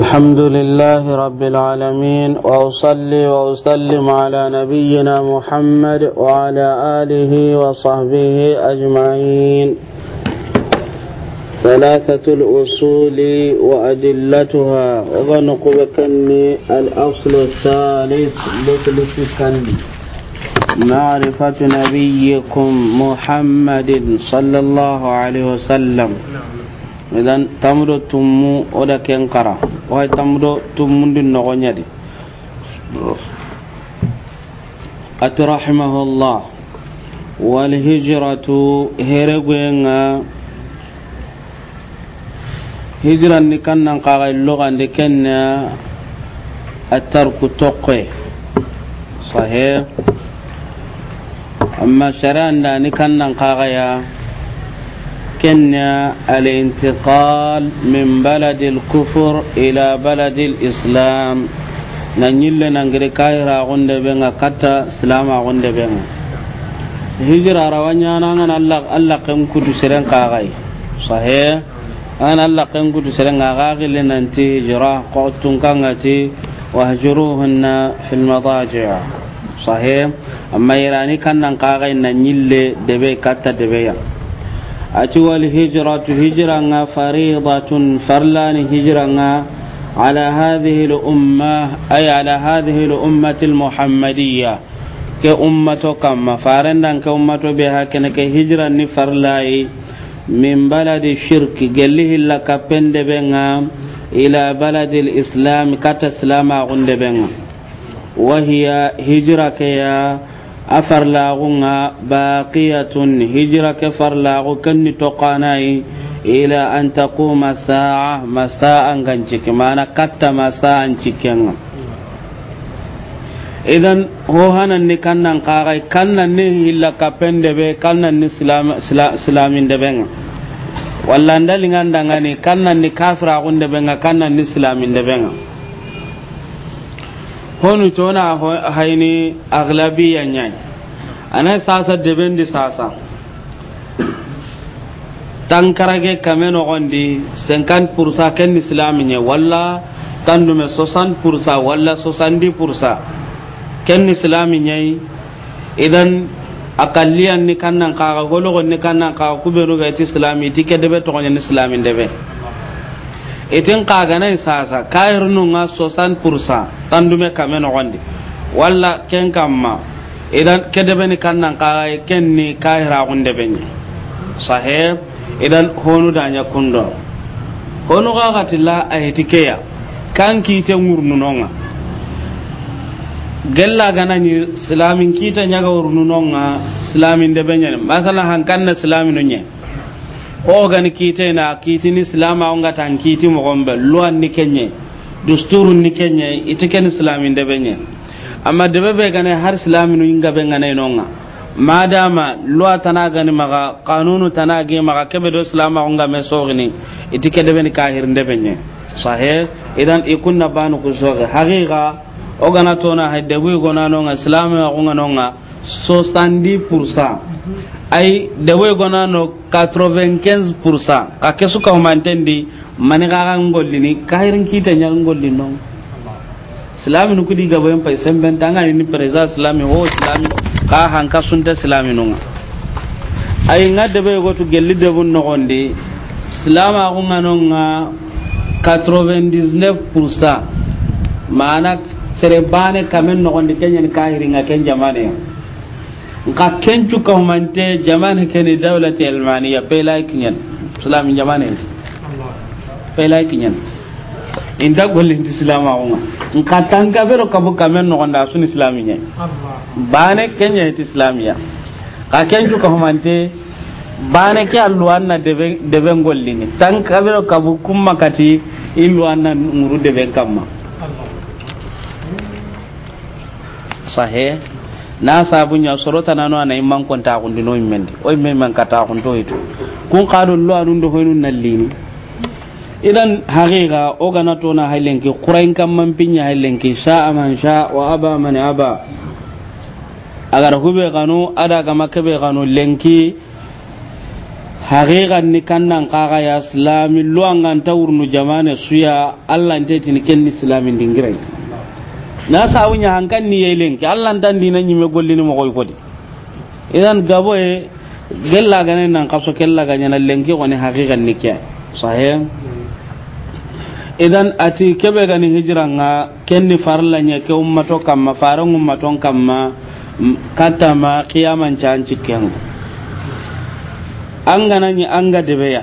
الحمد لله رب العالمين واصلي واسلم على نبينا محمد وعلى اله وصحبه اجمعين ثلاثة الأصول وأدلتها وغنق بكني الأصل الثالث بثلث معرفة نبيكم محمد صلى الله عليه وسلم إذا تمر ولكن قرأ way tamdo tumundi nogonyadi ati rahimahullah wal hijratu ni kannan kenna toqe sahih amma sharan da ni kannan ya كنيا الانتقال من بلد الكفر إلى بلد الإسلام نجل نجري كايرا غند بينا كتا سلام غند بينا هجرة روانيا نانا الله الله قم كتو سرين قاغي صحيح أنا الله قم كتو سرين قاغي لننتي هجرة قوتن كانتي وهجروهن في المضاجع صحيح أما يراني كان نقاغي نجل دبي كتا دبي ati wal hijratu hijran nga faridatun farlan hijran nga ala hadhihi al umma ay ala hadhihi al ummati al muhammadiyya ke ummato kamma farendan ke ummato be hakene ke hijran ni farlayi min baladi shirki gelihi la kapende benga ila baladi islam kata islama gunde benga wahiya hijra ke ya afarlagunga baqiyatun hijira ke farlagu kenni toqanayi ila an taquma sa'a masa'an gancike mana katta masa'an cikenga idan ho hanan ni kannan qaray kannan ni hilla kapende be kannan ni islam islamin de benga walla ndali ngandanga ni kannan ni kafira gunde benga kannan ni islamin de benga honu tona hayni aglabiyan nyai anai sasa debendi sasa tankarage kame nogondi 50 pursa ken islami nye walla tandume 60 pursa walla 70 pursa ken islami idan akalliyan ni kannan kaga hologon ni kannan kaga kubenu ga ti islami ti ke debe togonya ni islami debe itin nan sasa kairnu nga 60 poursa tandume kame nogondi walla ken kamma idan kedebeni kannan kaay kenni kayiraxundebeñe saheb idan honu daña kundo honu xaxatila ayeti keya kan kiite ŋurnunonga gella ganañi silamin kiite ñaga wurnunonga silamin debeñene masala han kanna silaminu ñe oogani kiitena kiitini silamaongatan kiiti moxon be luwan ni kenñe dusturu ni kenñe itikeni silamin debeñene amma debe be gane har silaminu inga be nonga madama luwa tana gani kanunu tana gi maga kebe do silama unga me kahir idan ikunna bani ku sogi haqiqa o gana tona hadde wi gona nonga silama unga nonga 70% ay gona no 95% ka kesu ka mani ka kahirin kita nonga silami nu kudi gabo en pay semben tanga ni preza silami ho silami ka hanka sunta silami nunga ay ngadde be go to gelli de bun nogonde silama ko nganonga 99% mana sere bane kamen nogonde kenyen ka hiringa ken jamane nka kencu kahumante jamane kene dawlati almaniya pelay kinyen silami jamane pelay kinyen inda gollinti silama ko ngaa nka tan kafero kabu kame nogonda sun islami nye bane kenya ti islamiya ka ju ka humante bane ke alluwan na deben gollini tan kafero kabu kuma kati illuwan na nguru deben kamma sahe na sabu nya sorota nanu ana imman konta kundi no immendi o immen man kata kundo itu kun qadul lu anun do hoynun nallini idan haqiqa o gana to na hailenki qurain kan man ya hailenki sha'a man sha wa aba man aba agar hube kanu ada ga makabe gano lenki haqiqan ni kan nan kaga ya islami luangan tawurnu jamane suya allah ken ni kenni islamin dingirai na sawunya hankan ni yelenki allah ndan dinan nyime gollini mo koy kodi idan gabo e gella ganen nan kaso kella ganyen lenki woni haqiqan ni kya sahih idan ati kebe gani hijira nga kenni farla nya ke ummato kamma faran ummaton kamma kata ma qiyaman chan cikken anga nani anga debeya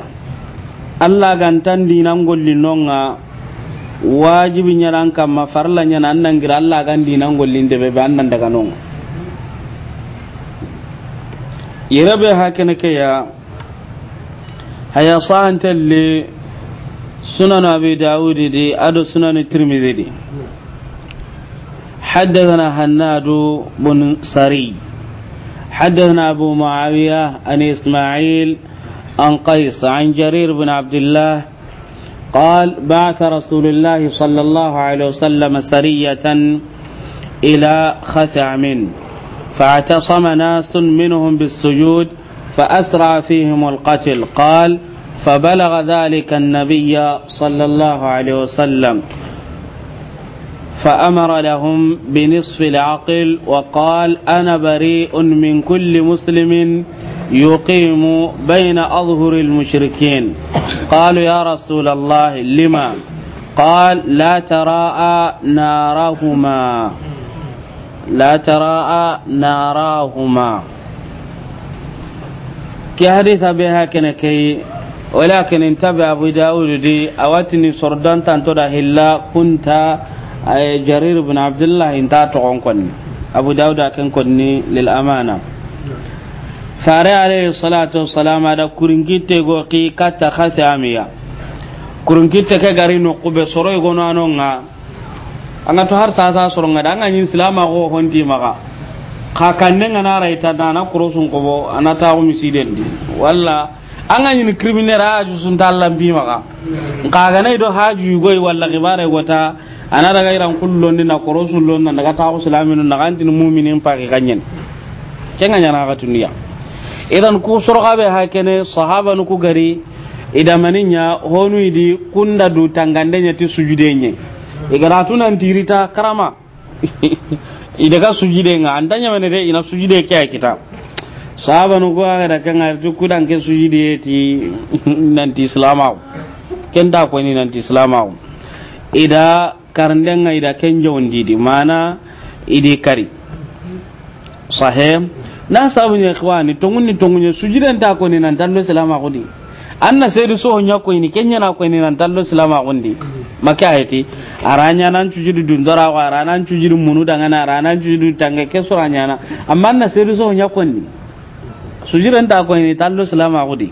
allah gan tan dinan golli nonga wajibi nya ran kamma farla nya nan nan gira allah gan dinan golli debe ban nan daga nonga yirabe hakene ke ya haya sa'antalle سنن أبي داود دي أدو سنن الترمذي دي حدثنا هناد بن سري حدثنا أبو معاوية عن إسماعيل عن قيس عن جرير بن عبد الله قال بعث رسول الله صلى الله عليه وسلم سرية إلى خثعم فاعتصم ناس منهم بالسجود فأسرع فيهم القتل قال فبلغ ذلك النبي صلى الله عليه وسلم فأمر لهم بنصف العقل وقال أنا بريء من كل مسلم يقيم بين أظهر المشركين قالوا يا رسول الله لما قال لا تراءى نارهما لا تراءى ناراهما كهدث بها كنكي ولكن انتبه أبو داود دي أواتني سردان تانتو تنتظر هلا كنت جرير بن عبد الله انتا تغنقني أبو داود أكن كني للأمانة فاري عليه الصلاة والسلام هذا كورنجيت غوقي كتا خثامية كورنجيت كغاري نقوب سروي غنانونغا anga to har sasa soronga da anga nyin silama go honti maga ka kanne ngana raita na kurosun ko ana ta go misiden di walla an ga yin criminal haju sun tallan bi maka kaga nai do haju goy walla gibare wata ana daga iran kullon ni na korosun lon na daga ta islamin na gantin mu'minin fa ganyen kenga nyana ga tuniya idan ku surga be hakene sahaba nu ku gari idamaninya honu idi kunda du tangandenya ti sujudenye igara tunan tirita karama idaga sujude nga andanya mene de ina sujude kya kitab sahaba nu ga da kan arju kudan ke sujudi yati nan ti islama ken da ko ni nan ti islama ida karnden ga ida ken jawndi di mana idi kari sahem na sabu ne ikhwani tongun ni tongun ne sujudan ta ko ni nan tan salama ko di anna sayyidu so nya ko ni kenya na ko ni nan tan salama ko di maka ayati aranya nan cujudu dundara wa aranan cujudu munu dangana aranan cujudu tanga ke suranya na amma na sayyidu so nya ko ni sujiren ta ko ni tallo salama gudi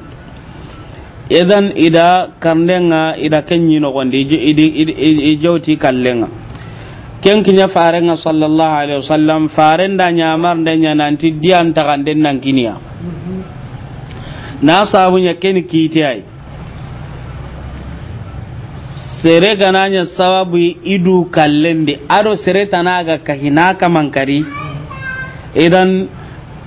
idan ida karndenga ida kenyi no gonde idi jawti kallenga ken kinya farenga sallallahu alaihi wasallam faren da nyamar nya nanti diam den nan kinia na nya ken kiti ai sere gananya sababu idu kallende ado sere tanaga kahinaka kamankari idan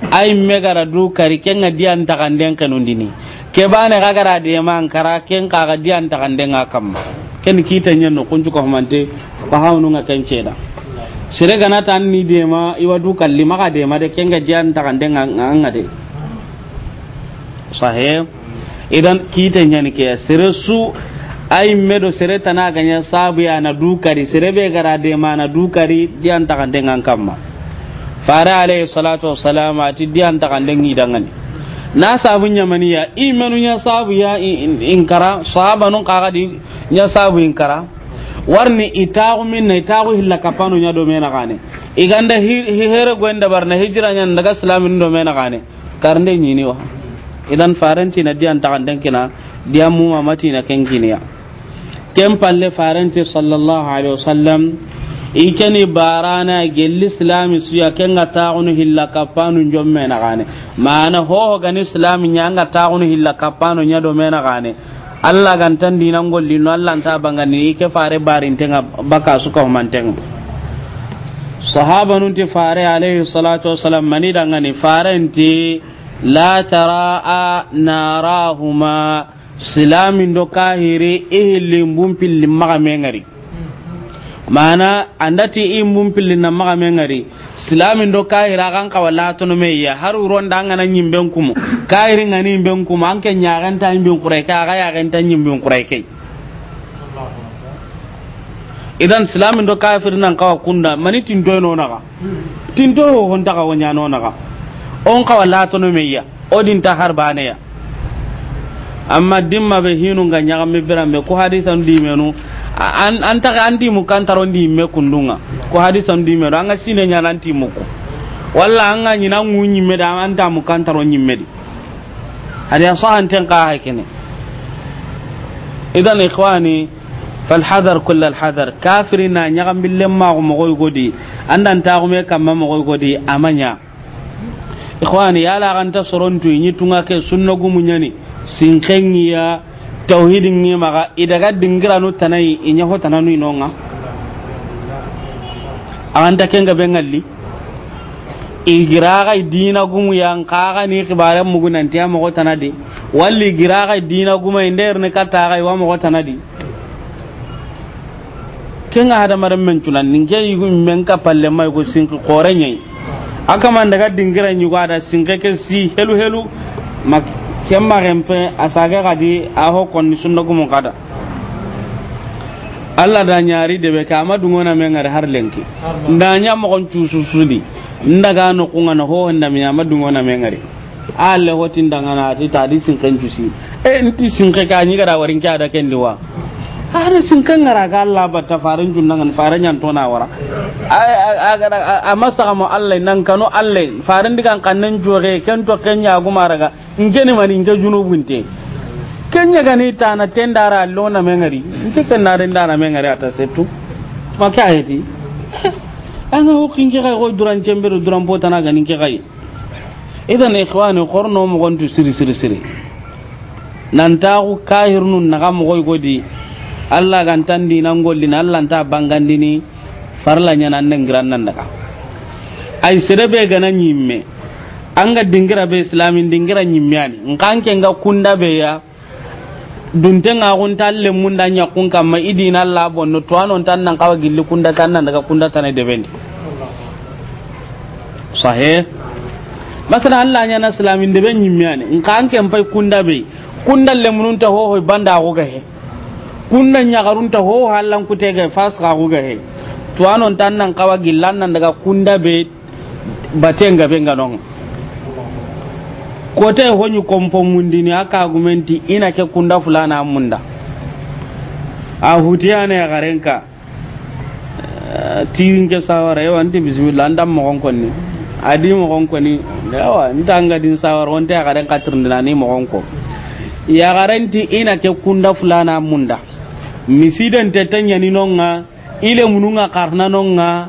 ay megara du kari ken dian diyan takanden kanundini ke bane ga gara de man kara ken ka ga diyan takanden akam ken kita nyen no kunju ko mante ba hawnu ga ken ceda sire gana tan ni de ma iwa du kalli ma ga de ma de ken dian diyan takanden ga de sahe idan kita nyen ke sire su ay medo sire tana nya sabu ya na du kari sire be gara de ma na du kari diyan takanden ga kamma fare alayhi salatu wa salam a ti diyan ta kan dangi dangan na sabu nyamani ya imanu nya sabu ya inkara sahaba nun kaga di nya sabu inkara warni itagu min na itagu hilla kapano nya do mena kane iganda here gwenda barna hijra nya daga islamin do mena kane karnde nyini wa idan faranti na diyan ta kan dangi na diyan mu mamati na kenkiniya kem palle faranti sallallahu alaihi wasallam ikeni barana gelli islami suya kenga taxunu hilla jomme na gane mana gani islami ñanga taxunu hilla kappanu ñadomena xane allah golli no allah ta bangani ike fare tenga baka suka humantenga sahaba ti fare alayhi salatu wassalam mani dangani fare nti la tara'a narahuma silamin do kahiri ihillin bumpillin maxa ngari. mana andati i mun pillin nan maga men ngari islamin do kahira kan wala to no meya har uron da ngana nyimben kumu kahiri ngani nyimben kumu an ken nyaran ta nyimben kurai ka ga yaran kurai kai idan islamin do kafir nan kawa kunda mani tin do no naga tin do ho hon ka wanya no naga on kawalla to no meya odin ta har bane ya amma dimma be hinu ga nyaga mi me ko hadisan di menu an an ta an di mu kan taron di me kundunga ko hadisa di me anga sine nya nan ti muko walla anga nyina ngunyi me da an ta mu kan taron nyi me di an sahan ten ka ha kene idan ikhwani fal hadar kull al hadar kafirina nya gam billen ma go di an andan ta go me kam ma go di amanya ikhwani yala kan ta tu nyi tunga ke sunna gumunyani sinkengiya tauhidin ni maga idaga dingira no tanai inya ho tananu inonga awanta kenga bengalli igiraga dina gumu yang kaga ni kibare nanti tiya mo tanadi walli igiraga dina gumu inder ne kata ga wa mo tanadi kenga hada maram men cunan ninge yugo men ka palle mai ko sinki korenye aka daga dingira nyugo ada sinke ke si helu helu maki kemma rempe asage gadi aho konni sunna gumun kada Allah da nyari de be kama dungona men ngar har lenki da nya mo kon cusu sudi ndaga no kunga no ho nda mi ama dungona men ngari alle hotin daga na ti tadi sin kan cusi e nti sin ka nyi gara warin kya da ken liwa har sun kan ngara ga Allah ba ta faran junnan faran yan tona wara a masa mu Allah nan kano Allah farin digan kannan jore kan to ya guma raga ngene mani nge junubun te ya gani ta na tendara lona mengari nge kan na tendara mengari ata setu ka yati an ho ke ga go duran cembero duran botana ganin ke kai idan ikhwani qorno mu gontu siri siri siri nan ta ku na ga mu goy godi allah gan tan dinan gollina allah ta bangandini farla nyana nan gran nan daga ay serebe gana nyimme anga dingira be islamin dingira nyimmiani nkanke nga kunda be ya dunte nga kun talle mun da nya kun kamma idina allah bonno to anon tan nan kawa gilli kunda tan nan daga kunda tan de bendi sahih masana allah nya na islamin de be nyimmiani nkanke mpai kunda be kunda le mununta ho ho banda ho he kunna nyagarunta ho halan hallan kutege fasra ga he to anon tan nan kawa gillan nan daga kunda be baten batenga be nganon kote honyu kompo mundini aka argumenti ina ke kunda fulana munda a hutiyana ne garenka eh, tiwin ke sawara yawa nti bismillah an mo mogon konni adi mogon konni yawa nta anga din sawara wonte garenka tirndina ni mo gonko ya garanti ina ke kunda fulana munda misiden tetanyani nonga ile mununga karna nonga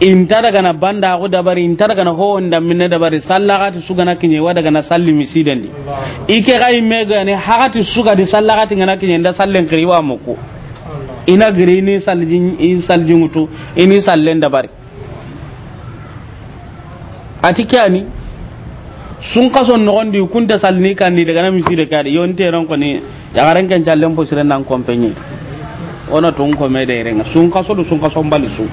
intara gana banda ko dabari intara gana ho onda minne dabari sallagati sugana kinye wada gana salli misiden ni ike ga mega ga ne hakati suga di sallagati gana kinye nda sallen kriwa moko ina giri ni saljin in saljin mutu ini sallen dabari atikani sun kaso nɔgɔn kun di nogondi kunta salni kandi daga na misire kadi yon teran koni yagaren ken callen po siren nan kompenye ona tun ko me de renga sun kaso du sun kaso mbali sun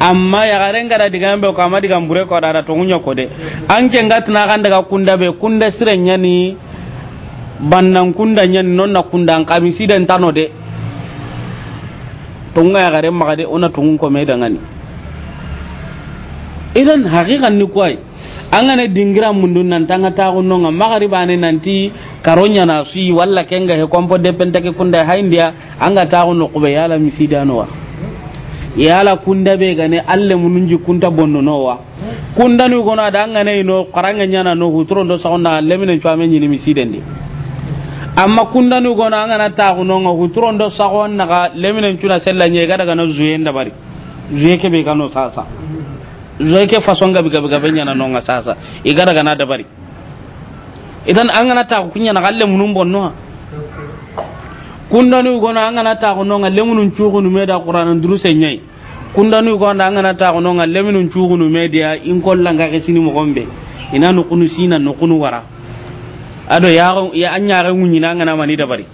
amma yagaren gara diga mbe ko amma diga bure ko dara to ɲɛ ko de anke ngatna kan daga kunda be kunda siren nyani bannan kunda nyani nonna kunda an kamisi den tano de tunga yagaren magade ona tun ko me dangani idan haqiqan ni kwai angana dingira mundun nan tanga ta gunno nga magariba ne nanti karonya na si walla kenga he kompo de ke kunda an anga ta gunno kube yala misidano wa yala kunda be gane alle mununji kunta bonno no wa kunda nu gona da angana no karanga nyana no hutro ndo sakonda alle minen chwame nyini misidendi amma kunda nu gona angana ta gunno nga hutro ndo sakon naga leminen chuna sella ga daga no zuyen dabari zuye ke be kano sasa zoike façon gabi gabi gabi yana nonga sasa igara gana dabari idan an gana ta kunya na galle munun bonno kundanu gona an gana ta ko nonga lemunun chugunu nu meda qur'anan sai nyai kundanu gona an gana ta ko nonga lemunun chugunu me dia in kollanga ga sini mo gombe ina nu kunu sina nu kunu wara ado ya ya anya ga munyi na ngana mani dabari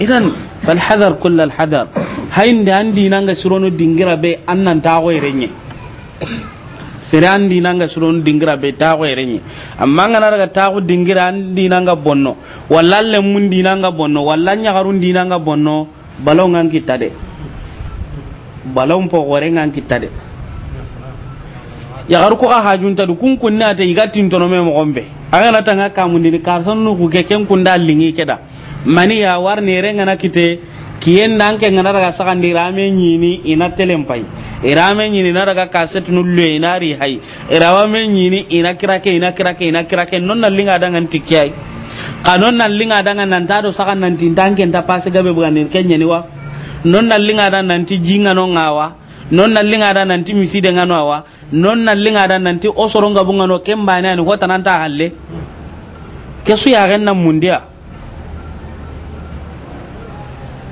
idan fal hadar kullal hadar hayin da an dinanga sirono dingira be annan ta goyrenye sere an dinanga sudon dingira be taxo yere ñi amma nga naraga taxo dingira an dinanga bonno walla lemun dinanga bonno walla ñaxarun dinanga bonno balo ngan kitta de balon po gore ngan kitta de yaxaru ku a xajuntadu kun kun ne ate yiga tintono me moxon be a ngana tanga kamundini karsonnu xuke ken kun da lingi keda mani ya war nere ngana kite kiyen nanke ngana raga saxandira me ñini ina telen pay me nyini na daga kaset nulle ina ri hay wa me nyini ina kirake ina kirake ina kirake non na linga daga tikiyai kanon na linga daga nan ta do saka nan tin tanke ta pase gabe bugan ken kenya ni wa non na linga daga nan ti jinga no ngawa non na linga daga nan ti miside ngano wa non na linga daga nan ti osoro ngabunga no kemba ne ni hota nan ta halle kesu ya ren nan mundia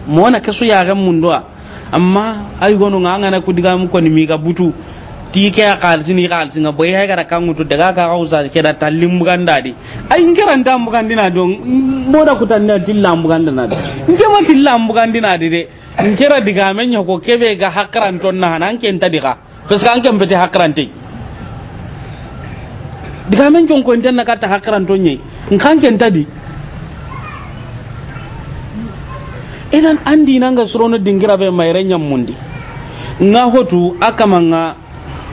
mona kesu ya ren mundua amma ay gonu ngana na diga mu ko ni mi ga butu ti ke kal sini kal singa boy ha gara kangu to daga ka hausa ke da tallim ganda di ay ngiran da mu gandina do moda ku tanna dilla gandana na nge ma dilla mu gandina di de ngera diga men ko kebe ga hakran ton na nan ken ta diga pes kan ken beti hakran te diga men jon ko nden na ta hakran ton nyi nkan ken ta di idan an dina nga surono dingira be mayre mundi nga hotu akamanga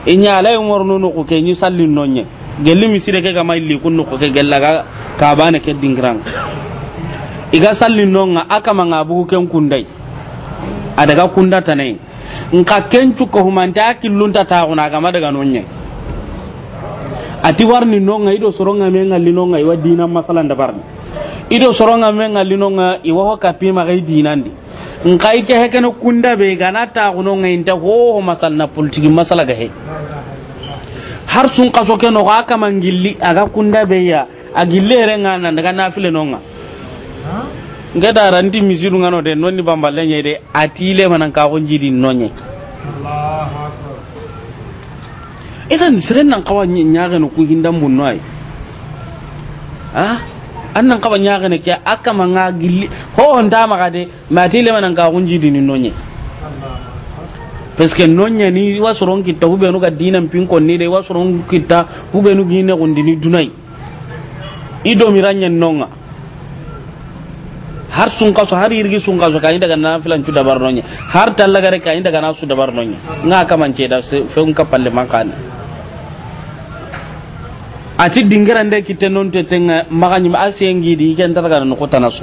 inya lay worno no ko kenyi sallin nonye gelli misire ke kama li kunno ko ke gella ga ka bana ke dingrang iga sallin nonga akamanga bu ken kundai adaga kunda tanai nka kencu ko humanta akillunta taxuna gama daga nonye ati warni nonga ido soronga me ngalli nonga iwa dina masalan da barni ido soronga men ngalinonga iwa ho kapima ga dinandi kunda be gana ta kuno ho ho masal na politiki masala ga he har sun kaso ke no aga kunda be ya agille renga daga nonga dara ndi ngano de nonni bamballe de atile manan ka nonye idan nan kawa nyaga no ku ah annan kaban ya gane ke aka manga gilli ho on da maga de ma ti le manan ka gunji dinin nonye parce que nonye ni wasuron kitta hube no ga dinan pin kon ni de wasuron kitta hube no gine gundini dunai ido miranya nonga har sun kaso har yirgi sun kaso kan daga na filan cu dabar nonye har talla gare kan daga na su dabar nonye nga kamance da fe un kapalle makane ati dingiran de kitten non te tenga maganyi ma asengi di ken targa kana kota nasu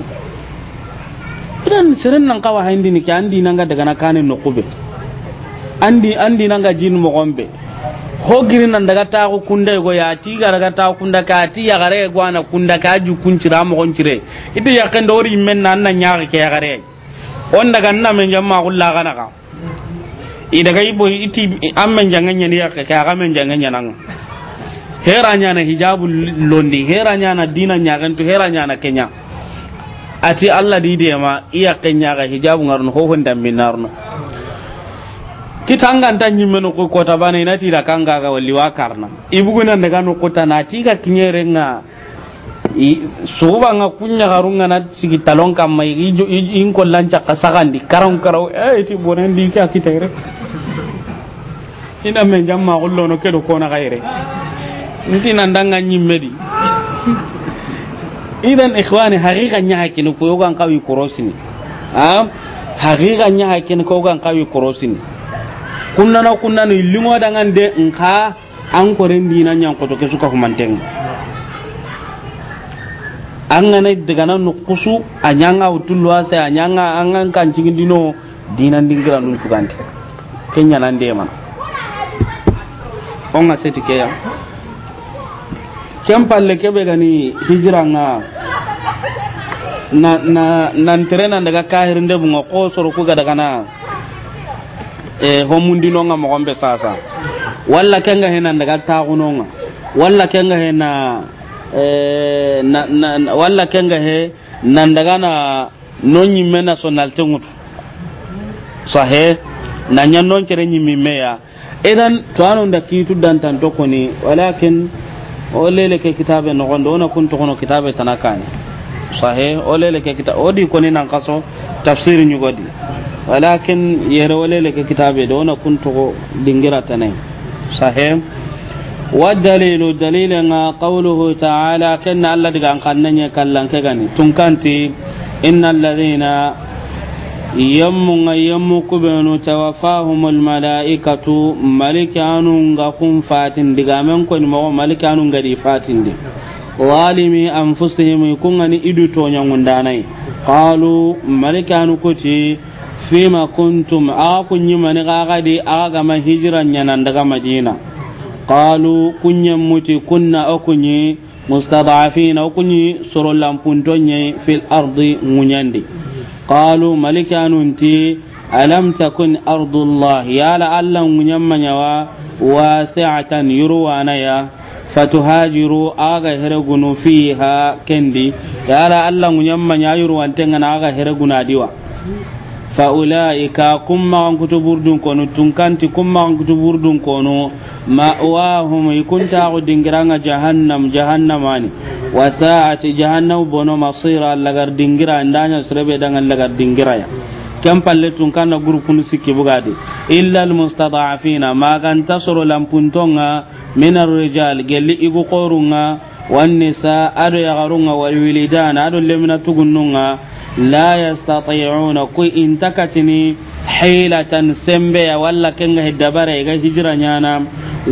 idan seren nan kawa hindi ni kan di nanga daga na kane no kube andi andi nanga jin mo gombe ho girin nan daga ta ku kunda go ya ti ga daga ta kunda ka ti ya gare go na kunda ka ju kuncira mo goncire idan ya kan dori men nan nan ya ke ya gare on daga nan men jamma kullu kana ka i daga ibo iti amman janganya ni ya ka ka men janganya nan hera nyana hijabu londi hera nyana dina nyagantu hera nyana kenya ati allah di de ma iya kenya ga hijabu ngarno ho honda minarno kitanga nta nyimeno ko kota bana ina da kanga ga walli wa karna ibuguna daga no kota na ga kinyere nga suguba nga kunya garunga na sigi talon kam mai in ko ka kasagan di karau karau eh ti bonen di ka kitare ina men jamma gollo no kedo na gaire nti idan ikhwani nya hakini korosini nya hakini korosini kunna na kunna ni lingo danga nka an kore ndina nya ko to kesuka manteng an daga nan nukusu a utulwa sai a an an kan cikin dino dinan dingira nun kenya nan de mana on ga ken palle kebe gani hijira nga na na nantere nan daga kahir nde bunga ko soro ku gada kana e homundi nonga mo gombe sasa walla kenga hena daga taguno nga walla kenga hena e na, na walla kenga he nan daga na nonyi mena sonalte ngutu sahe na nyannon kere nyimi meya idan to anon da kitu dantan to koni walakin o lele ke kitabe no gondo ona kun to kono kitabe tanakani sahe o lele ke kitabe odi koni nan kaso tafsir nyu godi walakin yere o lele ke kitabe do ona kun to dingira tanai sahe والدليل دليل قوله تعالى كن الله دغان كنني كلان كغني تنكنتي ان الذين yammu nga yammu kubenu tawaffahum almalaikatu malikanu nga kun fatin diga men ko ni mo malikanu nga di fatin di walimi anfusihim kun ani idu to nyangundanai qalu malikanu kuti ma kuntum kun kunyi mani ga di aga gama hijiran nyanan daga madina qalu kunyan muti kunna okunyi mustadafina lampun to lampuntonye fil ardi munyandi قالوا ملك أنتي ألم تكن أرض الله يا لعلهم من واسعة يروى نيا fatuhajiru aga hereguno fiha kendi yala alla munyamma nyayuru wantenga na aga hereguna diwa fa ulaika kumma an kutuburdun kono tunkanti kumma an kutuburdun kono ma'wahum ikunta dingranga jahannam jahannamani wa sa'ati jahannam bono masira lagar dingira ndanya srebe dangan lagar dingira ya kem palle tun kana guru kunu sikki bugadi illa al mustada'afina magan tasoro lampuntonga min minar rijal gelli igu qorunga wan nisa ado yagarunga wal wilidana ado lemna tugunnunga la yastati'una ku intakatini hilatan sembe ya walla kenga ga hijira nyana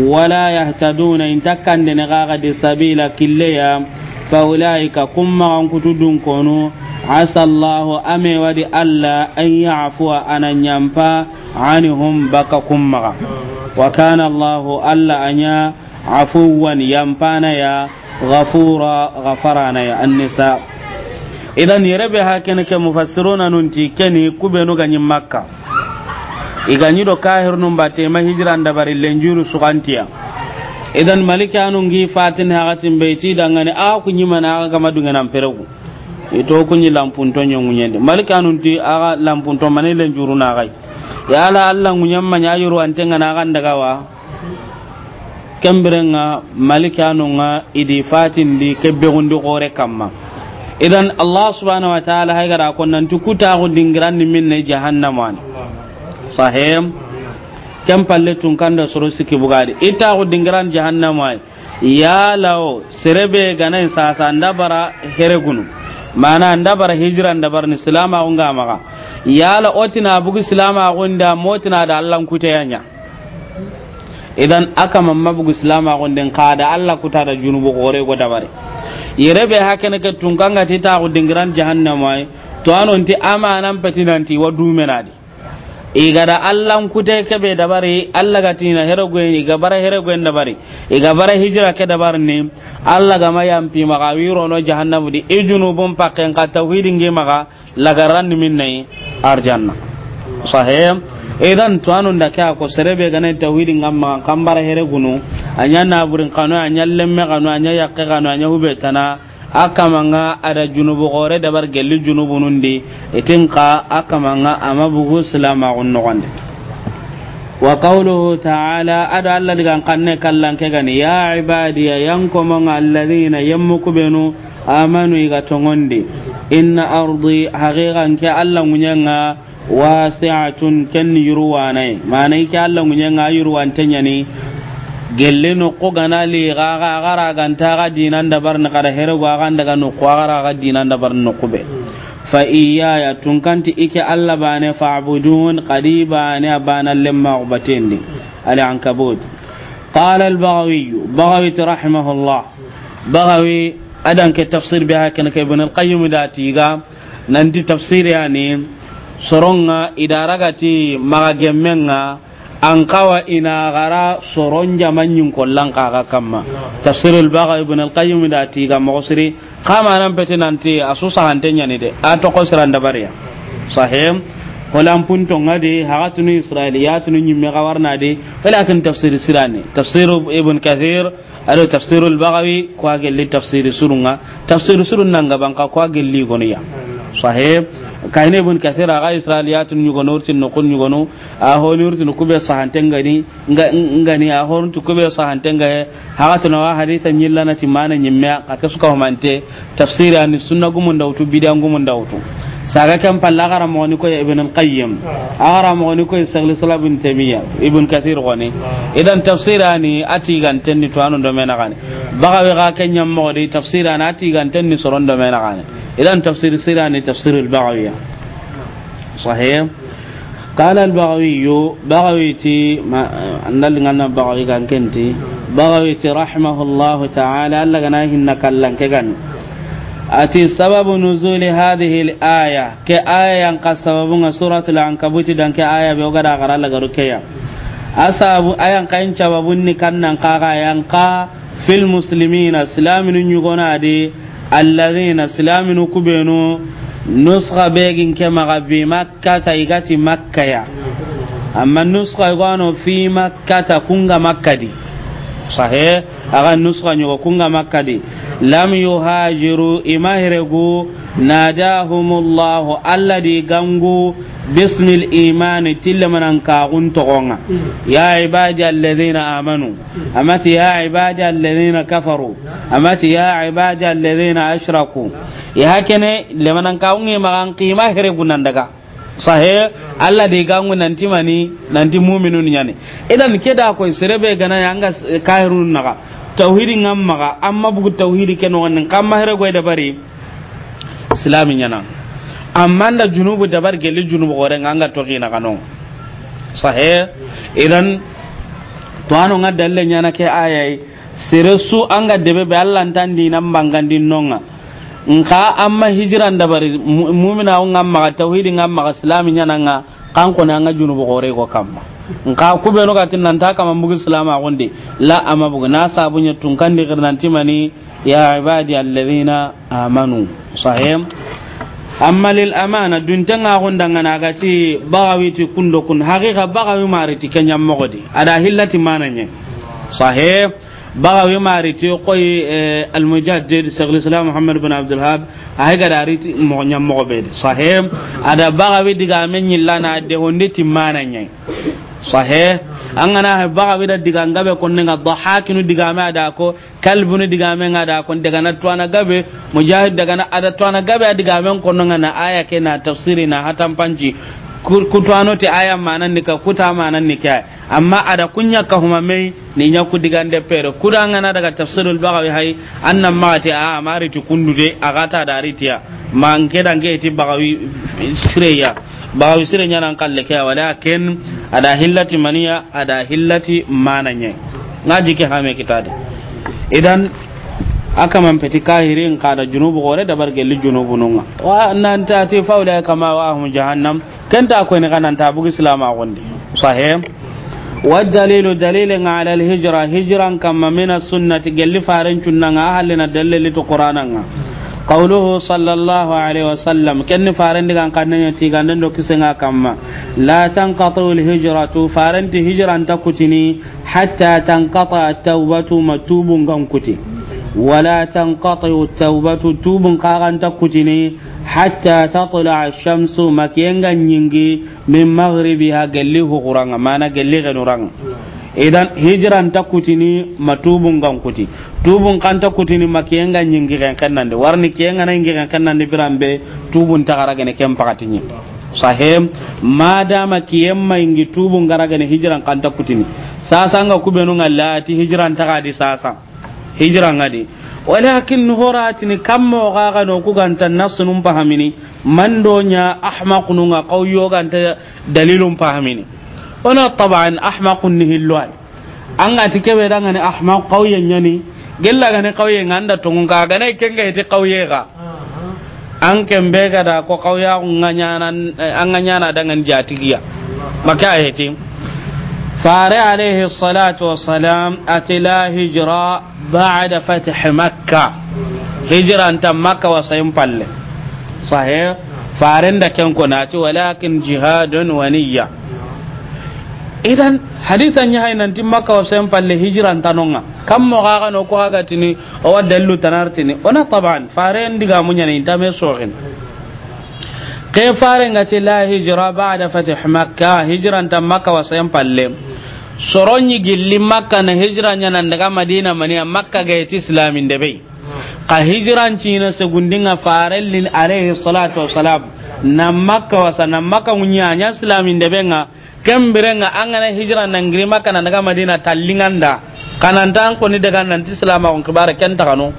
wala yahtaduna intakande ne gaga de sabila killeya fa ulaika kumma an kutudun kono asa allah ame wadi alla an ya'fuwa anan yampa anihum baka kumma wa kana allah alla anya afuwan yampana ya ghafura ghafarana ya annisa idan yere be ha kene ke mufassiruna nun ti keni kube no ga nyim makka iga nyi do kahir nun bate ma hijran da bari lenjuru sugantia idan malika anun gi fatin ha gatin beti dangane a ku nyi mana ga ma dunga nan perugo ito ku nyi lampun to nyon nyende malika anun ti a lampun to mane lenjuru na gai ya la alla ngunyam ma nyayuru ante ngana kan daga wa kembrenga malika anun nga idi fatin di kebbe gundu gore kamma idan allah subhanahu wa ta'ala hay gara kon nan tukuta ko dingiran ni ne jahannam ni sahem kam palle tun kan da suru siki bugari ita ko dingiran jahannama ya law serebe ganan sasa ndabara heregunu mana ndabara hijira ndabar ni ku ko ngama ya la otina bugu islama ku nda motina da allah kutayanya idan aka mamma bugu islama ko den kada allah kuta da junubu gore go dabare yerebe hakene ke kanga ti taxu dingiran jahannamai to anonti amanan petinanti wa dumenadi igada allan kute kebe dabari allah gatina heregoyeni iga bara heregoyen dabari iga bara hijira ke dabar ni allah gama yampi maga wirono jahannamu di i junubun pakken ka tawhidingi maga lagaranni min nayi arjanna sahim idan to anun da ka ko serebe ga nan tauhidin amma kan bara here gunu anya na burin kanu anya lemme kanu anya yakke kanu anya hube tana manga ada junubu gore da bar gelli junubu nundi itin ka manga ama bugu salama gunno gande wa qawluhu ta'ala ada allah digan kanne kallan ke gani ya ibadiya yankomanga alladhina yamku benu amanu iga inna ardi haqiqan ke allah munyanga wasi'atun kan yurwana mana yake Allah mun nga yurwan tanya ne gelle no ko gana le ga ga gara ganta ga dinan da barna kada hero ga ga daga no ko gara ga dinan da barna kube fa iya ya tun kanti ike Allah ba fa abudun qadiba ne bana lemma ubatendi al ankabut qala al bagawi bagawi rahimahullah bagawi adan ke tafsir biha kan ke ibn al qayyim da tiga nan di tafsir ne soronga idaragati maga gemmenga ankawa ina gara soronja jamanyin kollan kaga kamma tafsir al-baqa ibn al-qayyim dati ti ga mawsiri kama nan pete nan ti asusa hantenya ne de a to kosiran da bariya sahim kolan punto ngade hagatunu israiliyatunu nyimme gawarna de walakin tafsir sirani tafsir ibn kathir ado tafsir al-bagawi ko agelli tafsir surunga tafsir surun nan gaban ka ko agelli goniya sahib kaine bun kathira ga israiliyatun nyugo nortin no kun no a honi urtin kube sahantenga ni ngani a honi tu kube sahantenga haga tana wa haditha nyilla na timana nyimme ka ta suka humante tafsiri an sunna gumun dautu bidan gumun dautu saga kan palla gara mo ni ko ibn al qayyim agara mo ni ko sagli sala ibn taymiya ibn kathir goni idan tafsirani ati gan tenni to anu do mena gani baga we ga kan nyammo de tafsirani ati gan tenni soron do mena gani إذا تفسير السيرة يعني تفسير البغوية صحيح قال البغوي بغويتي ما أن لنا بغوي كان كنتي بغويتي رحمه الله تعالى ألا جناه النكلن كجن أتي سبب نزول هذه الآية كآية ينقى سبب سورة العنكبوت دان كآية بيوغر أغرى لغركيا أصاب آية ينقى سبب شبابني كان ننقى ينقى في المسلمين سلام نيغونا دي alladhina silaminu kubenu nusra begin ke maga bi makkata igati makkaya amma nusra igano fi makkata kunga makkadi sahe aga nusra nyogo kunga makkadi lam yuhajiru imahiregu ناداهم الله الذي غنغو باسم الإيمان تلمنا كاغن تغنى يا عباد الذين آمنوا أمت يا عباد الذين كفروا أمت يا عباد الذين أشركوا يا كني لمن كاغن مغان قيمة هربنا دغا sahe Allah da ga nanti mani nanti mu'minun yani idan ke da ko sirebe gana yanga kahirun naga tauhidin amma amma bugu tauhidi kenan wannan kan mahira goy da islamin yana amma da junubu dabar geli junubu gore nga to kina kanon sahe idan to anu nga dalle nyana ke ayai an anga debe be Allah tan di nan bangandi nonga nka amma hijran dabar mu'mina nga ma tauhid nga ma islamin yana nga kan ko nga junubu gore ko kamma nka kube no katin nan ta kama mugul salama gonde la amma bugu na sabunya tun kan di girnan timani يا عبادي الذين آمنوا صحيح amma lil amana dun tanga gonda ngana gati bagawi ti kundo kun haqiqa bagawi mari ti kenya mogodi ada hillati mananye sahih bagawi mari ti koy al mujaddid shaykhul islam muhammad bin abdul hab ay ga dari ti monya mogobe sahih ada bagawi diga men lana de honde ti mananye sahih an gana baga wida diga ngabe konne nga dhahakinu diga ma da ko kalbunu diga me nga da ko daga na tuana gabe mujahid daga na ada tuana gabe diga men konno nga na aya ke na tafsiri na hatan panji kutano te aya manan ni ka kuta manan ni ka amma ada kunya ka huma mai ni nya ku diga nde pero kudanga na daga tafsirul bagawi hay annam ma ti a amari ti kundude agata da tiya man ke dange ti bagawi sireya bagawi sire nya nan kalle ke wala ken ada hillati maniya ada hillati mananye ngaji ke hame kitade idan aka man peti kahirin kada junubu gore da barge li junubu nunga wa nan ta ti faula kama wa ahum jahannam kanta akwai ne kanan ta bugi islama gonde sahih والدليل دليل على الهجرة هجرا كما من السنة قال فارن كنا ahalina dalilitu قرآننا kawulhu sallallahu alaihi wa salam ƙenni faarantin kan ƙannan ya tiga ɗanɗano kisan kakamma lantan ka ta yi wani hijjratu farantin hijjrantu kutini hata ta nkaqa taubatu wala tan ka ta yi taubatu tubun kakanta kutini hata ta shamsu ma nyingi min maɣari biyar gali hu ranga maana galihu idan hijran ta kutini matubun gan kuti tubun kan ta kutini makiyen gan nyingi gan kannan de warni kiyen gan nyingi gan kannan de birambe tubun ta gara gan kem pakatinya sahem madama kiyen ma ingi tubun gara gan hijran kan ta kutini sasa nga kubenu ngallati hijran ta gadi sasa hijran ngadi walakin kam mo gaga no ku ganta nasunum pahamini man donya ahmaqunu nga qawyo ganta dalilum pahamini ona taban ahmaqun nihilwan anga tikebe danga dangane ahmaq qawyan nyani gella gane ne qawye nganda tunga ga kenga ite qawye an kembe ga da ko qawya nganya nan an nganya na dangan jatigiya maka ayati fare alaihi salatu wassalam atila hijra ba'da fath makka hijra anta makka wa sayin palle sahih farin da kenko na ci walakin jihadun waniyya idan hadisan ya hainan tin makka wasan palle hijran tanonga kam mo gaga no ko haga tini o wadallu tanartini ona taban faren diga munya ni me sohin ke fare ngati la hijra ba'da fatih makka hijran tan makka wasan palle soronyi gilli makka na hijran nya nan daga madina mani makka ga yati islamin da bai ka hijran cina se gundinga faren lin alaihi salatu wassalam na makka wasa na makka munya nya islamin da bai nga kembirenga angana hijra nangiri makana daga madina tallinganda kananta an ni daga nan salama on kibara kenta kanu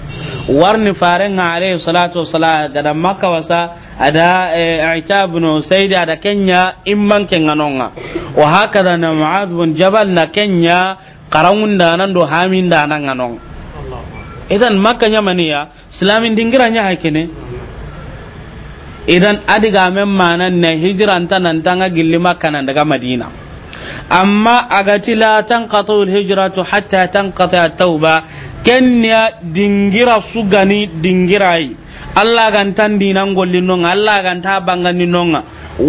warni farenga alayhi salatu wassalam daga makka wasa ada eh, aisha ibn said ada kenya imman kenganonga wa hakada na muad bin jabal na kenya karangun danan do hamin nan nganon idan makka nyamaniya islamin dingiranya hakene idan adiga men manan ne hijran nan tanga gilli makka nan daga madina amma agati la tanqatu alhijratu hatta tanqata tauba kenya dingira sugani dingirai allah gan tan dinan gollin nonga allah gan ta bangani nonga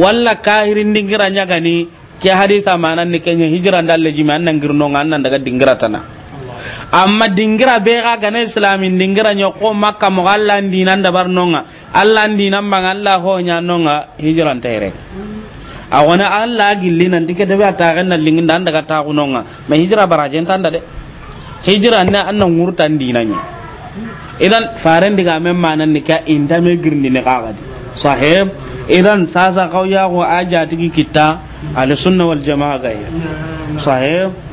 walla kahirin dingira nyagani ke hadisa manan ne kenya hijran dalle jimi annan girnonga annan daga dingira tana amma dingira be ga gane islamin dingira nyo ko makka mo Allah dinan da bar nonga Allah dinan bang Allah ho nya nonga hijran tere a wani Allah gilli nan dike da ba ta ganna lingin dan daga ta nonga mai hijira barajen tan da de hijira na annan dinan dinanya idan faran diga men manan ka inda me girni ne kaga sahib idan sasa kauya ko aja tiki kita al sunna wal jamaa ga sahib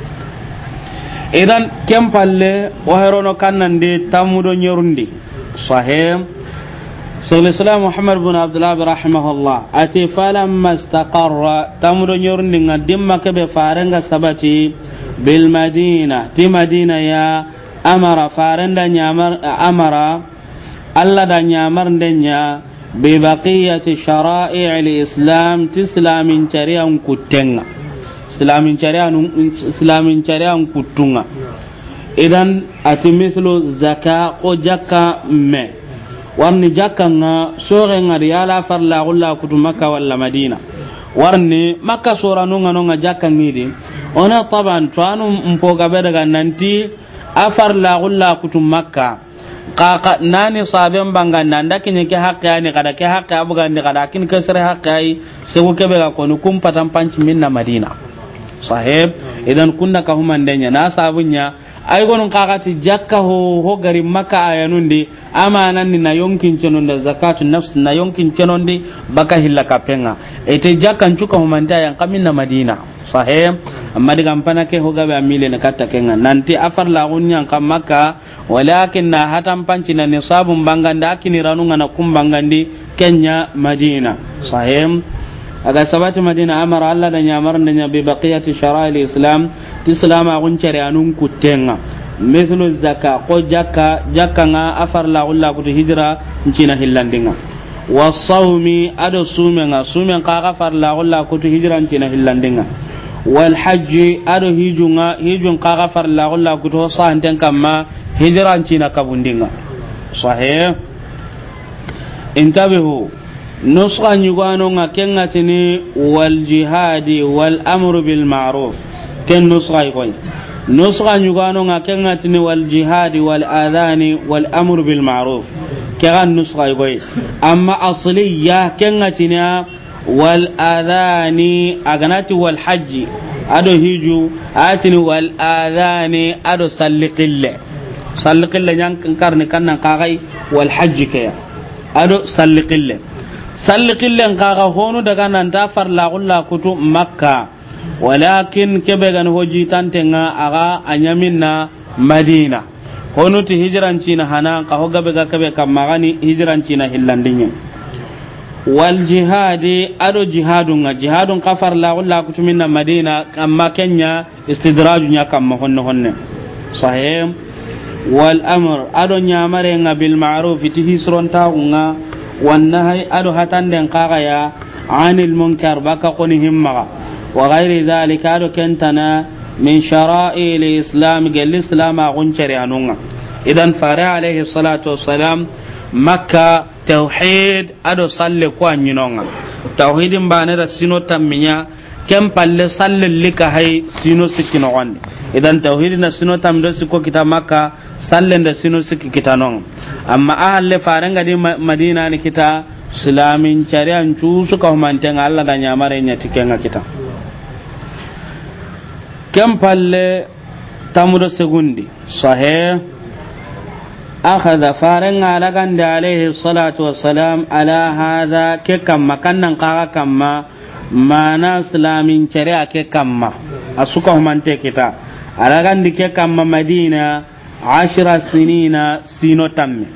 idan ken palle waherono kannan de tamudo nyerundi sahem sallallahu alaihi wasallam muhammad ibn abdullah rahimahullah ati falam mastaqarra tamudo nyerundi ngadim makabe farenga sabati bil madina ti madina ya amara farenda nyamar amara alla da nyamar denya bi baqiyati shara'i al islam tislamin tariyan kutenga islamin cariyan islamin cariyan kutunga idan ati mithlu zaka ko jakka me warni jakka nga sore nga ala farla gulla kutu makka walla madina warni makka sora nunga nunga jakka ngidi ona taban tuanu gabeda daga nanti afar la gulla kutu makka kaka nani saben banga nanda kinye ke hakka ni kada ke hakka abuga ni kada kin kesre hakka ai sego kebe ga konu kum patan panci minna madina sahib idan kunna ka huma denya na sabunya ay gonun kakati jakka ho ho gari maka ayanundi amanan ni na yonkin cenon da zakatu nafs na yonkin cenon di baka hilla kapenga ete jakka huma humanta yang kamin na madina sahib hmm. amma diga mpana ke ho gabe amile na katta kenga nanti afar la gunya ka maka walakin na hatan panci na nisabun banganda akini ranunga na kumbangandi kenya madina hmm. sahib aga sabati madina amara allah da nyamar da bi baqiyati shara'i islam ti islam a gun cari anun kutenga mithlu zaka ko jaka jaka nga afar la ulla ku hijra ncina hillandinga wa sawmi ado sumen nga sumen ka afar la ulla ku hijra ncina hillandinga wal hajj ado hijunga hijun ka afar la ulla ku to santen kamma hijra ncina kabundinga sahih intabihu nusxa ñuganonga kengatini waljihadi walamru bilmaruf ken nusxay koy nusxa ñuganonga kengatini waljihadi waladani walamru bilmaruf kegan nusxay koy amma asliya kengatina waladani aganati walhaji ado hiju atini waladani ado salliqille salliqille ñankarni kannan kaxay walhaji keya ado salliqille sallikillen kaka honu daga nanta farlakulla kutu makka walakin kebe gan hoji tantenga aga anyamin na madina honu ti hijran china hana ka hoga be ga kebe kam magani hijran china hillandinya wal jihadi ado jihadun nga jihadun kafar la ulla kutu minna madina kam makenya istidraju nya kam honne honne sahem wal amr ado nya mare nga bil ma'ruf ti hisron taunga wannan ado ha tan da ƙaƙaya an ilmin karɓa ka himma wa kai dai zali kentana min shara'il da islam da gilin islam a kun cire a nunin idan farai a. makka tauhid ado tsalle ko an tauhidin ba ne da sino kem palle salle lika hay sino sikki no wande idan tauhid na sino tam do sikko kita makka salle da sino sikki kita non amma ahalle faranga di madina ni kita silamin carian cu suka humanten Allah da nyamare nya tikenga kita kem palle tamudo segundi sahe akhadha faranga da alaihi salatu wassalam ala hadha ke makannan kannan kaga kamma mana silamin cari ake kama kamma a suka humante kita alagan di ke kamma madina ashira sinina sino tammi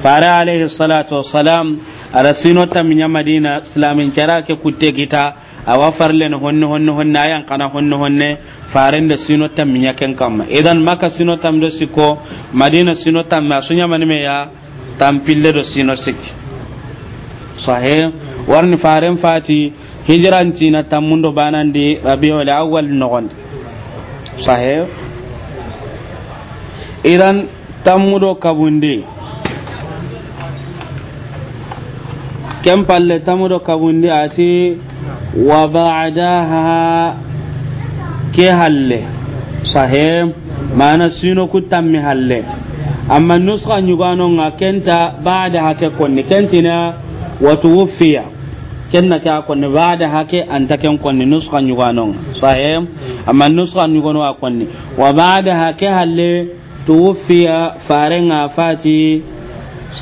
fara alaihi salatu wassalam ala sino tamme ya madina silamin cari ake kutte kita awa len honne honne honne ayan kana honne honne farin da sino tammi ya ken kamma idan maka sino tamme do siko madina sino tammi asunya manime ya tampille do sino sik sahih warni farin fati hijiran cina banan di rabiul awal nogondi sahib idan tammudo kabundi ken palle tammudo kabundi ati wa ba'daha ke halle sahib mana sino ku tammi halle amma nusra nyugano nga kenta ba'daha ke konni kentina wa tuwfiya kenna ke a konni bada hake anta ken konni nuska nyuganon sahem amma nuska nyugono a konni wa bada hake halle tuwfiya farenga fati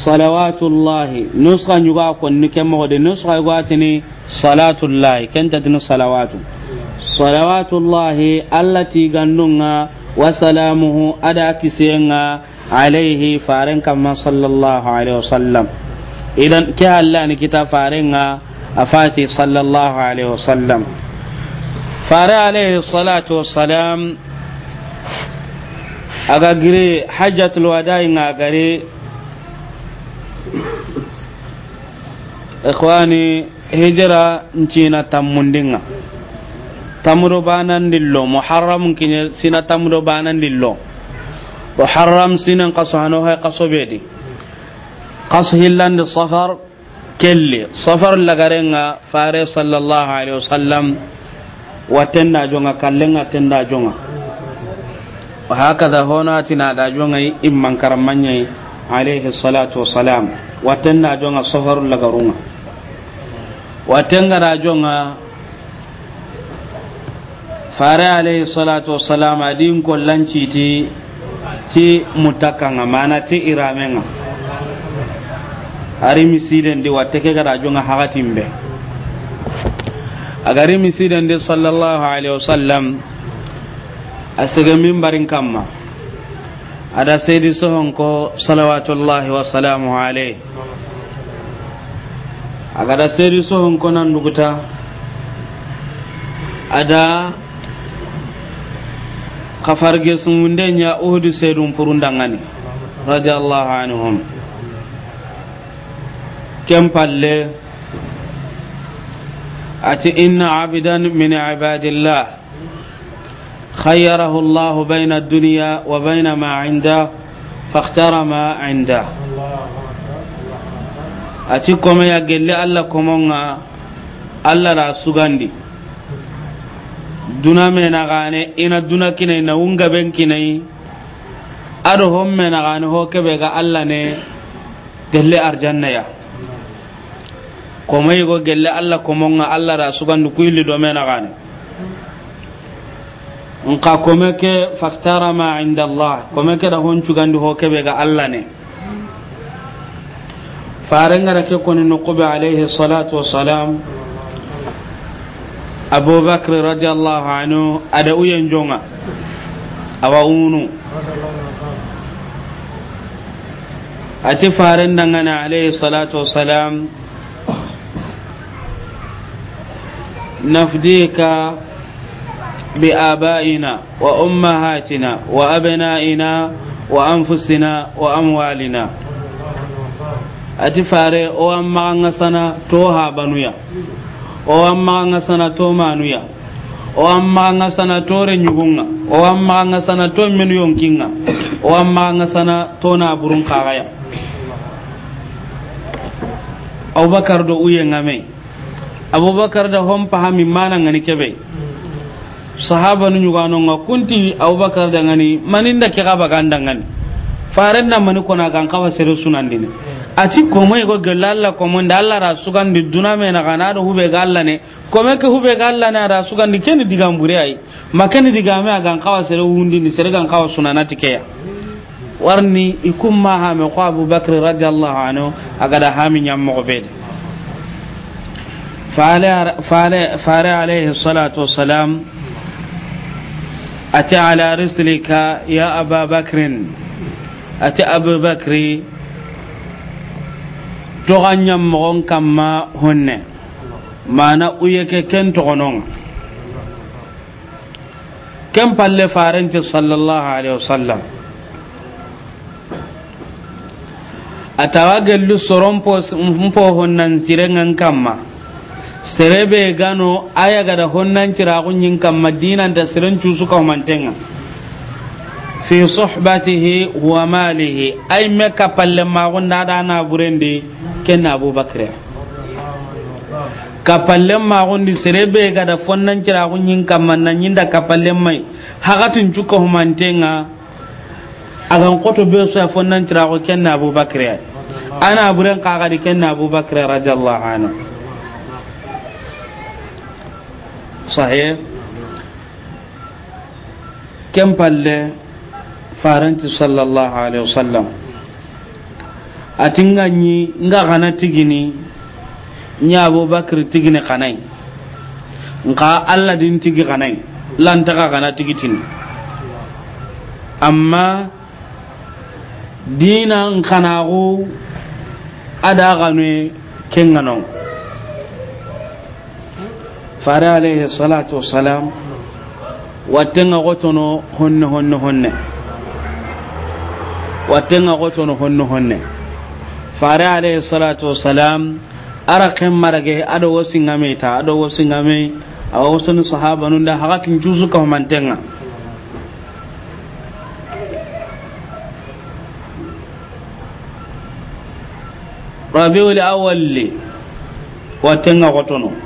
salawatullahi nuska nyuga konni ken mo de nuska gwatini salatullahi ta tinu salawatu salawatullahi allati gannunga wa salamuhu ada kisenga alaihi faren kama sallallahu alaihi wasallam idan ke ni kita farenga afati sallallahu alaihi wasallam fara alaihi salatu wassalam aga gire hajjatul wada'i nga gare ikhwani hijira ncina tammundinga tamro banan dillo muharram kinye sina tamro banan dillo muharram sinan qaso hano hay qaso bedi qaso safar kelle safar lagarenga fare sallallahu alaihi wasallam waten na jonga kallenga ten da jonga wa hakaza hono na da jonga imman karamanya alaihi salatu wasalam waten na jonga safar lagarunga waten ga da jonga fare alaihi salatu wasalam adin kollanci ti ti mutakanga mana ti iramenga arimi siden di watte ke gara jonga hagatin be agari mi siden di sallallahu alaihi wasallam asege min barin kamma ada sedi sohon ko salawatullahi wa salamu alayhi agada sedi sohon ko nan duguta ada kafar gesu munde nya uhudu sedum furundangani radiyallahu anhum ken palle ati inna abidan min ibadillah خيره الله بين الدنيا وبين ما عنده فاختار ما عنده أتيكم يا جل الله كمونا الله را سوغاندي دنا من غانه إن دنا كنا نونغا بين كنا أرهم من غانه هو كبعا الله نه جل أرجنة يا komai go gelle Allah komonga Allah ra sugandu kuyli do mena gani nka kome ke faktara ma inda Allah kome ke da hon cugandi ho kebe ga Allah ne farenga da ke koni nuqube alaihi salatu wassalam abubakar radiyallahu anhu ada uyen jonga awa unu ati farin dangana alaihi salatu wassalam نفديك بآبائنا وأمهاتنا وأبنائنا وأنفسنا وأموالنا ati fare o an maganga sana to habanuya o an maganga sana to manuya o an maganga sana to renyugunga o an maganga sana to minu yonkinga o abubakar do uye ngame abubakar da hon pahami mana ngani kebe sahaba nu nyugano nga kunti abubakar da ngani maninda ke kaba ganda ngani faren na mani kona kan kawa sere sunan dini ati komai go gelalla komo nda Allah rasugan di duname na kana do hube galla ne kome ke hube galla na rasugan di keni diga mbure ai makeni diga me gan kawa sere hundi ni sere gan kawa sunana tikeya warni ikum ma ha me ko abubakar radiyallahu anhu aga da hami nyam mo bede fare alaihi salatu wasalam a ti ala rislika ya ababakirin a ce abubakiri toganyan mɔgɔn kama hunne mana uyeke ken togonon ken palle farenti sallallahu alaihi wasallam a tawagin lusoron mpo hunnan kama serebe gano aya gada honnan ciragun yin kan madina da sirin cusu kaumantenga fi suhbatihi wa malihi ay me palle magun da da na burendi ken abubakar palle magun di serebe gada fonnan ciragun yin kan mannan yin da palle mai cu cuka humantenga agan koto be so fonnan ciragun ken abubakar ana buren kaga di ken abubakar radiyallahu anhu صحيح كم بل فارنت صلى الله عليه وسلم atingani nga gana tigini amma dina nkanagu ada ganwe fara alayhi salatu wasalam wassalam wattenga gotono honne honne honne wattenga gotono honne honne fara alayhi salatu wasalam ara kan marage ado wasin game ta ado wasin game a wasan sahaba nun da haka kin juzu ka mantenga rabiul awwal wattenga gotono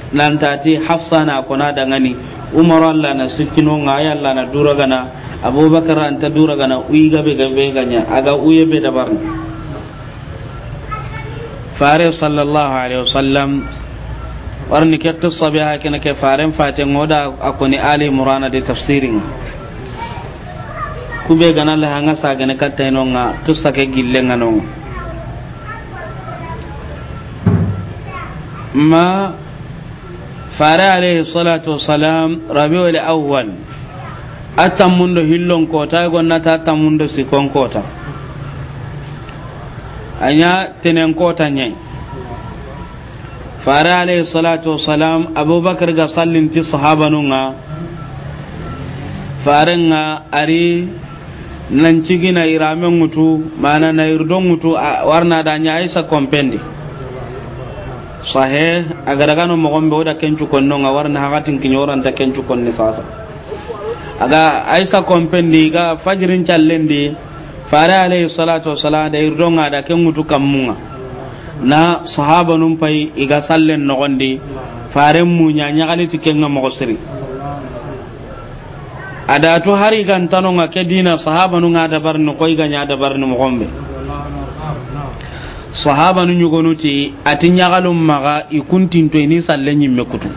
lantati hafsa na kona dangani umar allah na sikino nga ay allah na dura gana abubakar ta dura gana uyi gabe gabe ganya aga uye be dabarni fare sallallahu alaihi wasallam warni ke qissa bi ha kana ke faren fate ngoda akoni ali murana de tafsirin kube gana la hanga sa gana katta ino nga qissa ke gille ngano ma fare alayhi salatu wassalam rabiul awwal atamundo hillon kota gonnata atamundo sikon kota anya tenen kota nyai fare alayhi salatu wassalam abubakar ga sallinti sahabanunga farenga ari nan cigina iramen mutu mana na irdon mutu warna da nya aisha kompendi sahe agara gano mogon be oda kencu konno nga warna hakatin kinyoran ta kencu konni sasa aga aisa kompendi ga fajrin challendi fara alayhi salatu wassalam da irdonga da ken mutu kammunga na sahaba num pai iga sallen nogondi fare mu nya nya nyagali tikenga mo siri ada to hari kan tanonga ke dina sahaba nu nga dabar nu koy ga nya dabar nu mogombe sahaba nu ti ati ñagalum maga i kuntinto ini salle ñimme kutu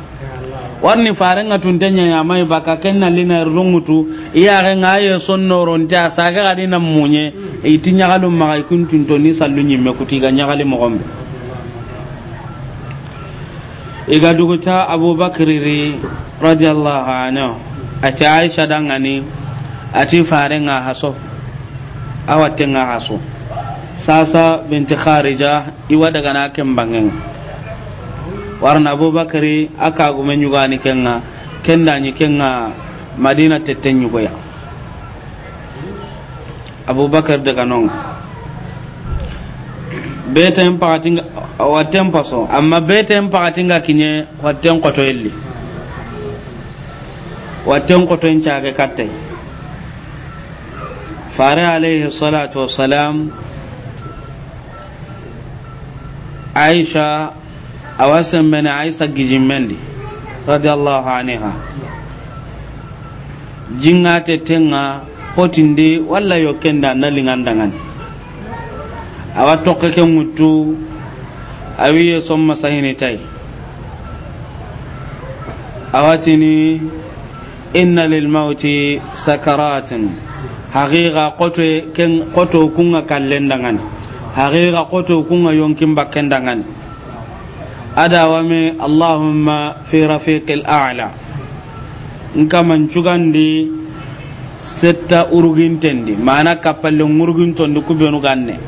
warni farenga tunte ñayamai baka ken lina rungutu iyaxe nga ye sonnoronte a sage gadi na muñe iti ñagalum maga i kuntinto ni sallu ñimme kutu iga ñagali mogonɓe iga duguta ri radiallahu anhu ati aisha dangani ati farenga haso awatenga haso sasa binti kharija iwa daga na ken bangen warna abubakari aka gume nyugani kenga kenda nyi kenga madina teten nyugoya abubakar daga non beten pakatinga waten paso amma beten pakatinga kinye waten koto illi waten koto yin chake katte fare alaihi salatu wassalam aisha a awasan mene gijin mendi radiyallahu anha jinga hotin hotinde walla yo kenda na lingan lingandangani awa tokke ke ŋuttu awi ye somma sahinitayi awatini inna lilmauti sakaratun haqiqa koto kunga dangan haqiqa qoto kunga yonkin bakken dangan adawame allahumma fi rafiqil a'la nkaman cugandi setta urugintendi mana kappalle ngurgintondi kubenu ganne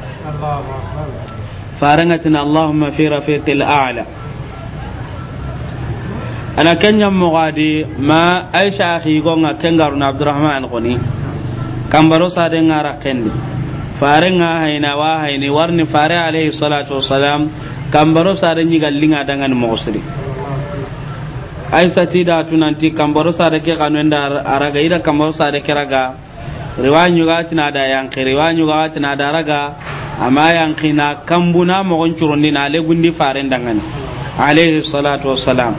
farangatina allahumma fi rafiqil a'la ana kenya mogadi ma aisha akhi gonga kengaruna abdurrahman koni kambaro sade ngara kendi faren ha haina wa haini warni fare alaihi salatu wassalam kambaro sare ni gallinga dangan mu'siri aisha ti da tunanti kambaro sare ke kanu nda araga ida kambaro sare ke raga riwanyu ga tina da yanki riwanyu ga tina da raga amma yanki na kambuna mogon curundi na le gundi faren dangan alaihi salatu wassalam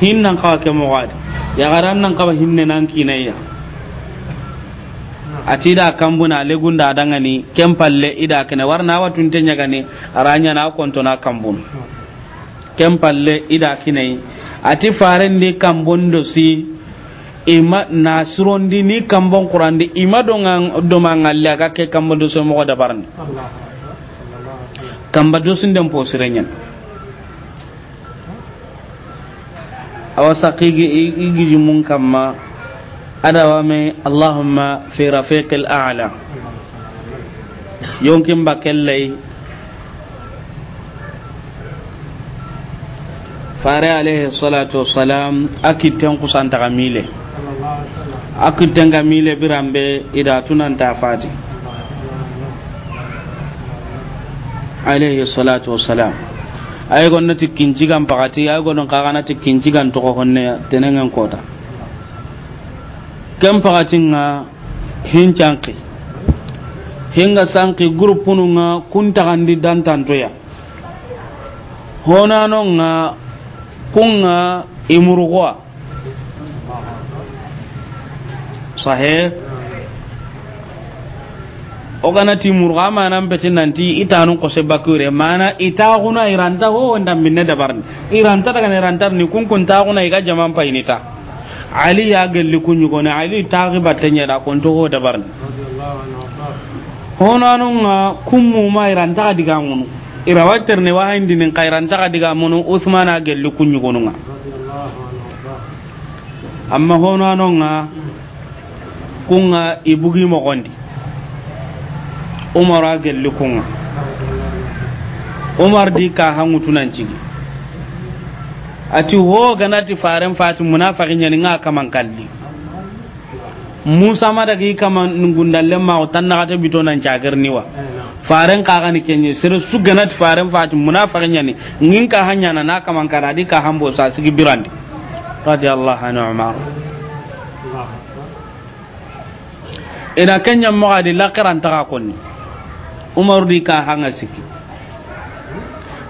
hinnan kawa ke mu'ad ya garan nan kawa hinne nan ya. atida kambuna le gunda dangani kempalle ida kana warna watun tenya gani aranya na konto na kambun kempalle ida kine ati faren di kambon do si ima di ni kambon di ima do ngang do mangalle ga ke kambon do so mo da barni kamba do sun dem posirenyen awasaqi igi mun kamma ada wame allahumma fi rafiqil a'la yonkin bakellai fare alaihi salatu wassalam akitan kusan ta mile akitten mile birambe ida tunan ta fati alaihi salatu wassalam ay gonnati kinci gan pakati ay gonnon kaganati kinci to ko honne tenengen kota kem pagatinga hincanki hinga sanki gurupununga kuntagandi dantantoya honanonga kunga imurugoa sahe oganati murga manan peti nanti itanun kose bakure mana itaguna iranta ho wanda minne dabarni iranta daga iranta ni kun kun taguna iga jaman painita ali ya gelli kunyugone ali taxi battenya da konto ho dabarni honanunga kummuma irantaxa digamunu irawaterne wahayindinin ta diga mun usman a gelli kunyugonunga amma honanonga kunga ibugi gondi umar a gelli kunga umar di ka hangutunanchigi ati ho ganati faren fati munafiqin nyani nga kaman kalli Musa ma daga yi ngundalle ma utan na kata bito nan niwa eh, faren ka gani kenye sir su ganati faren fati munafiqin nyani ngin ka hanya na na kaman karadi ka hambo sa sigi birandi radiyallahu anhu umar ina kenya mo adi laqiran ta ka konni di ka hanga siki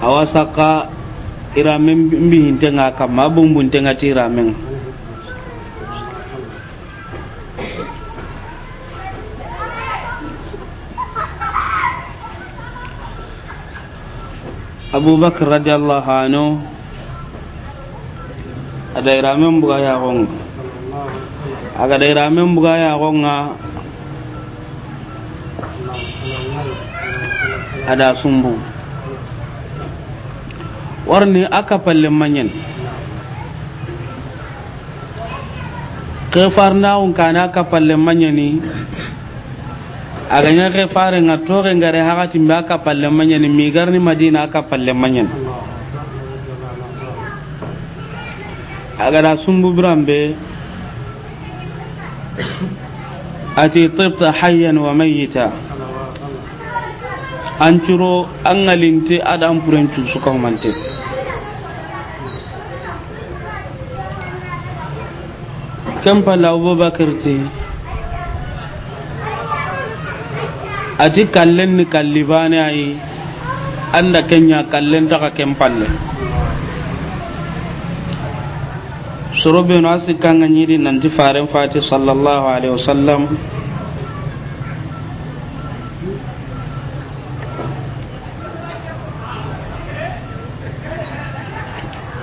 awasaka irame mbi hintenga kamma bumbuntenga ti Abu Bakar radhiyallahu anhu ada mbuga ya yaxonga aga irame mbuga ya yaxonga ada sumbu warni aka palle manyen kefar nawun kana aka palle manyeni aganya kefare nga tore ngare hakati mbe aka manyan manyeni garni madina aka palle manyeni agada sumbu birambe ati tibta hayyan wa mayyita an ciro an galinte ada an puren su ka humante kan pala abubakar ce a ci kallen ni kalli ba ne a yi an da kenya kallen ta ka kan ne soro benu asi kan ganyi nan ti faren fati sallallahu alaihi wasallam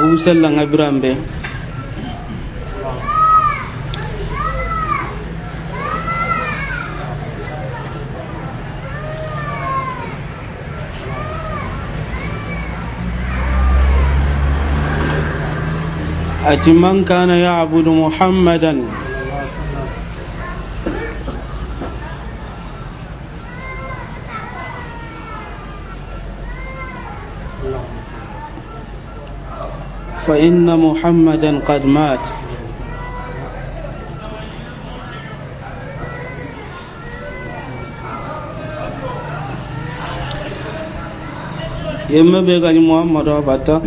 agu sellanga na ati man kana ya'budu muhammadan فإن محمدا قد مات يما بيغاني محمد وفتا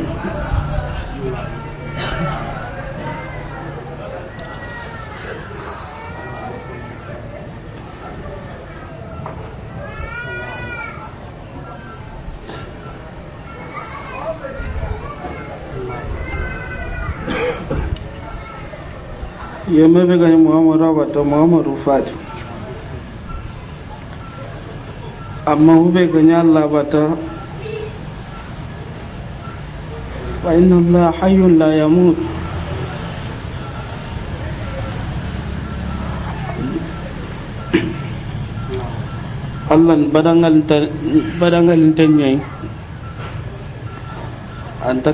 yemebeganye muhamadu abato muhamadu fatu amma hubeganye allah abata فإن الله حي لا يموت allah badangal an ta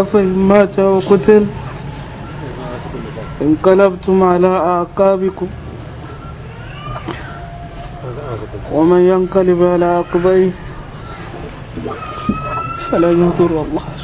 أفإن مات وقتل انقلبتم على أعقابكم ومن ينقلب على عقبيه فلن يضر الله